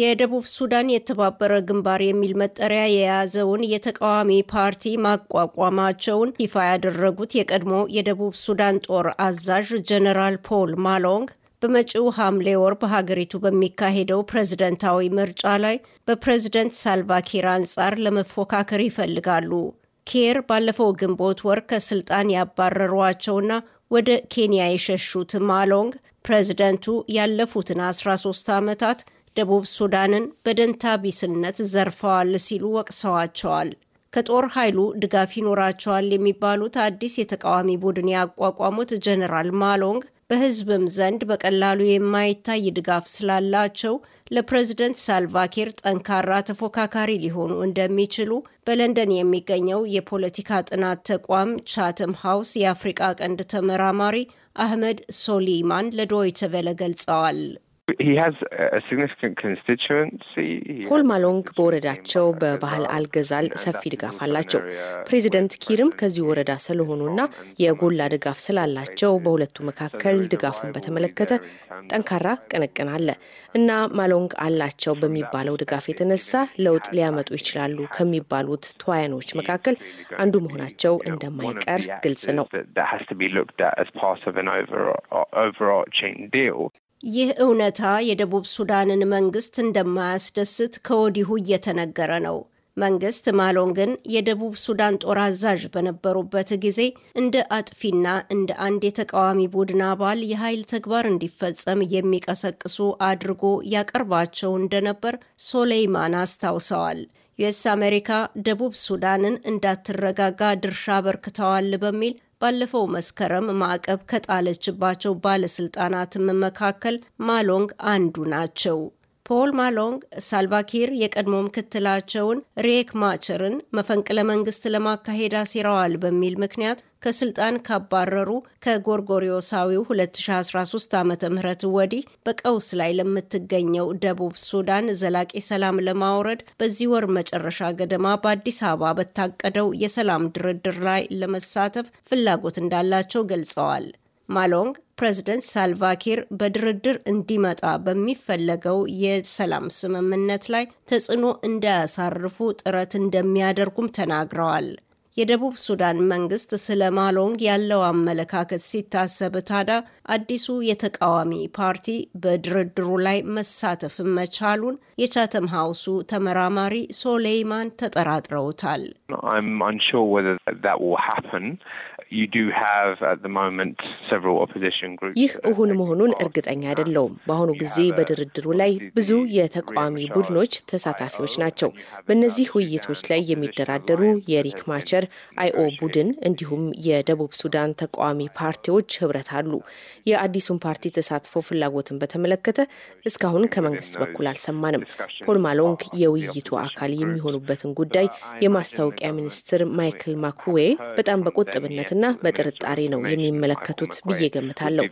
የደቡብ ሱዳን የተባበረ ግንባር የሚል መጠሪያ የያዘውን የተቃዋሚ ፓርቲ ማቋቋማቸውን ይፋ ያደረጉት የቀድሞ የደቡብ ሱዳን ጦር አዛዥ ጀነራል ፖል ማሎንግ በመጪው ሐምሌ ወር በሀገሪቱ በሚካሄደው ፕሬዝደንታዊ ምርጫ ላይ በፕሬዝደንት ሳልቫኪር አንጻር ለመፎካከር ይፈልጋሉ። ኬር ባለፈው ግንቦት ወር ከስልጣን ያባረሯቸውና ወደ ኬንያ የሸሹት ማሎንግ ፕሬዝደንቱ ያለፉትን 13 ዓመታት ደቡብ ሱዳንን በደንታ ቢስነት ዘርፈዋል ሲሉ ወቅሰዋቸዋል። ከጦር ኃይሉ ድጋፍ ይኖራቸዋል የሚባሉት አዲስ የተቃዋሚ ቡድን ያቋቋሙት ጀኔራል ማሎንግ በህዝብም ዘንድ በቀላሉ የማይታይ ድጋፍ ስላላቸው ለፕሬዝደንት ሳልቫኪር ጠንካራ ተፎካካሪ ሊሆኑ እንደሚችሉ በለንደን የሚገኘው የፖለቲካ ጥናት ተቋም ቻትም ሃውስ የአፍሪቃ ቀንድ ተመራማሪ አህመድ ሶሊማን ለዶይቸ ቬለ ገልጸዋል። ፖል ማሎንግ በወረዳቸው በባህል አልገዛል ሰፊ ድጋፍ አላቸው። ፕሬዚደንት ኪርም ከዚህ ወረዳ ስለሆኑና የጎላ ድጋፍ ስላላቸው በሁለቱ መካከል ድጋፉን በተመለከተ ጠንካራ ቅንቅን አለ እና ማሎንግ አላቸው በሚባለው ድጋፍ የተነሳ ለውጥ ሊያመጡ ይችላሉ ከሚባሉት ተዋያኖች መካከል አንዱ መሆናቸው እንደማይቀር ግልጽ ነው። ይህ እውነታ የደቡብ ሱዳንን መንግስት እንደማያስደስት ከወዲሁ እየተነገረ ነው። መንግስት ማሎንግን የደቡብ ሱዳን ጦር አዛዥ በነበሩበት ጊዜ እንደ አጥፊና እንደ አንድ የተቃዋሚ ቡድን አባል የኃይል ተግባር እንዲፈጸም የሚቀሰቅሱ አድርጎ ያቀርባቸው እንደነበር ሶሌይማን አስታውሰዋል። ዩኤስ አሜሪካ ደቡብ ሱዳንን እንዳትረጋጋ ድርሻ አበርክተዋል በሚል ባለፈው መስከረም ማዕቀብ ከጣለችባቸው ባለስልጣናትም መካከል ማሎንግ አንዱ ናቸው። ፖል ማሎንግ ሳልቫኪር የቀድሞ ምክትላቸውን ሬክ ማቸርን መፈንቅለ መንግስት ለማካሄድ አሲረዋል በሚል ምክንያት ከስልጣን ካባረሩ ከጎርጎሪዮሳዊው 2013 ዓ ም ወዲህ በቀውስ ላይ ለምትገኘው ደቡብ ሱዳን ዘላቂ ሰላም ለማውረድ በዚህ ወር መጨረሻ ገደማ በአዲስ አበባ በታቀደው የሰላም ድርድር ላይ ለመሳተፍ ፍላጎት እንዳላቸው ገልጸዋል። ማሎንግ ፕሬዚደንት ሳልቫኪር በድርድር እንዲመጣ በሚፈለገው የሰላም ስምምነት ላይ ተጽዕኖ እንዳያሳርፉ ጥረት እንደሚያደርጉም ተናግረዋል። የደቡብ ሱዳን መንግስት ስለ ማሎንግ ያለው አመለካከት ሲታሰብ ታዳ አዲሱ የተቃዋሚ ፓርቲ በድርድሩ ላይ መሳተፍ መቻሉን የቻተም ሀውሱ ተመራማሪ ሶሌይማን ተጠራጥረውታል። ይህ እሁን መሆኑን እርግጠኛ አይደለውም። uh, በአሁኑ ጊዜ በድርድሩ ላይ ብዙ የተቃዋሚ ቡድኖች ተሳታፊዎች ናቸው። በእነዚህ ውይይቶች ላይ የሚደራደሩ የሪክ ማቸር ሚኒስትር አይኦ ቡድን እንዲሁም የደቡብ ሱዳን ተቃዋሚ ፓርቲዎች ህብረት አሉ። የአዲሱን ፓርቲ ተሳትፎ ፍላጎትን በተመለከተ እስካሁን ከመንግስት በኩል አልሰማንም። ፖል ማሎንግ የውይይቱ አካል የሚሆኑበትን ጉዳይ የማስታወቂያ ሚኒስትር ማይክል ማኩዌ በጣም በቁጥብነትና በጥርጣሬ ነው የሚመለከቱት ብዬ ገምታለሁ።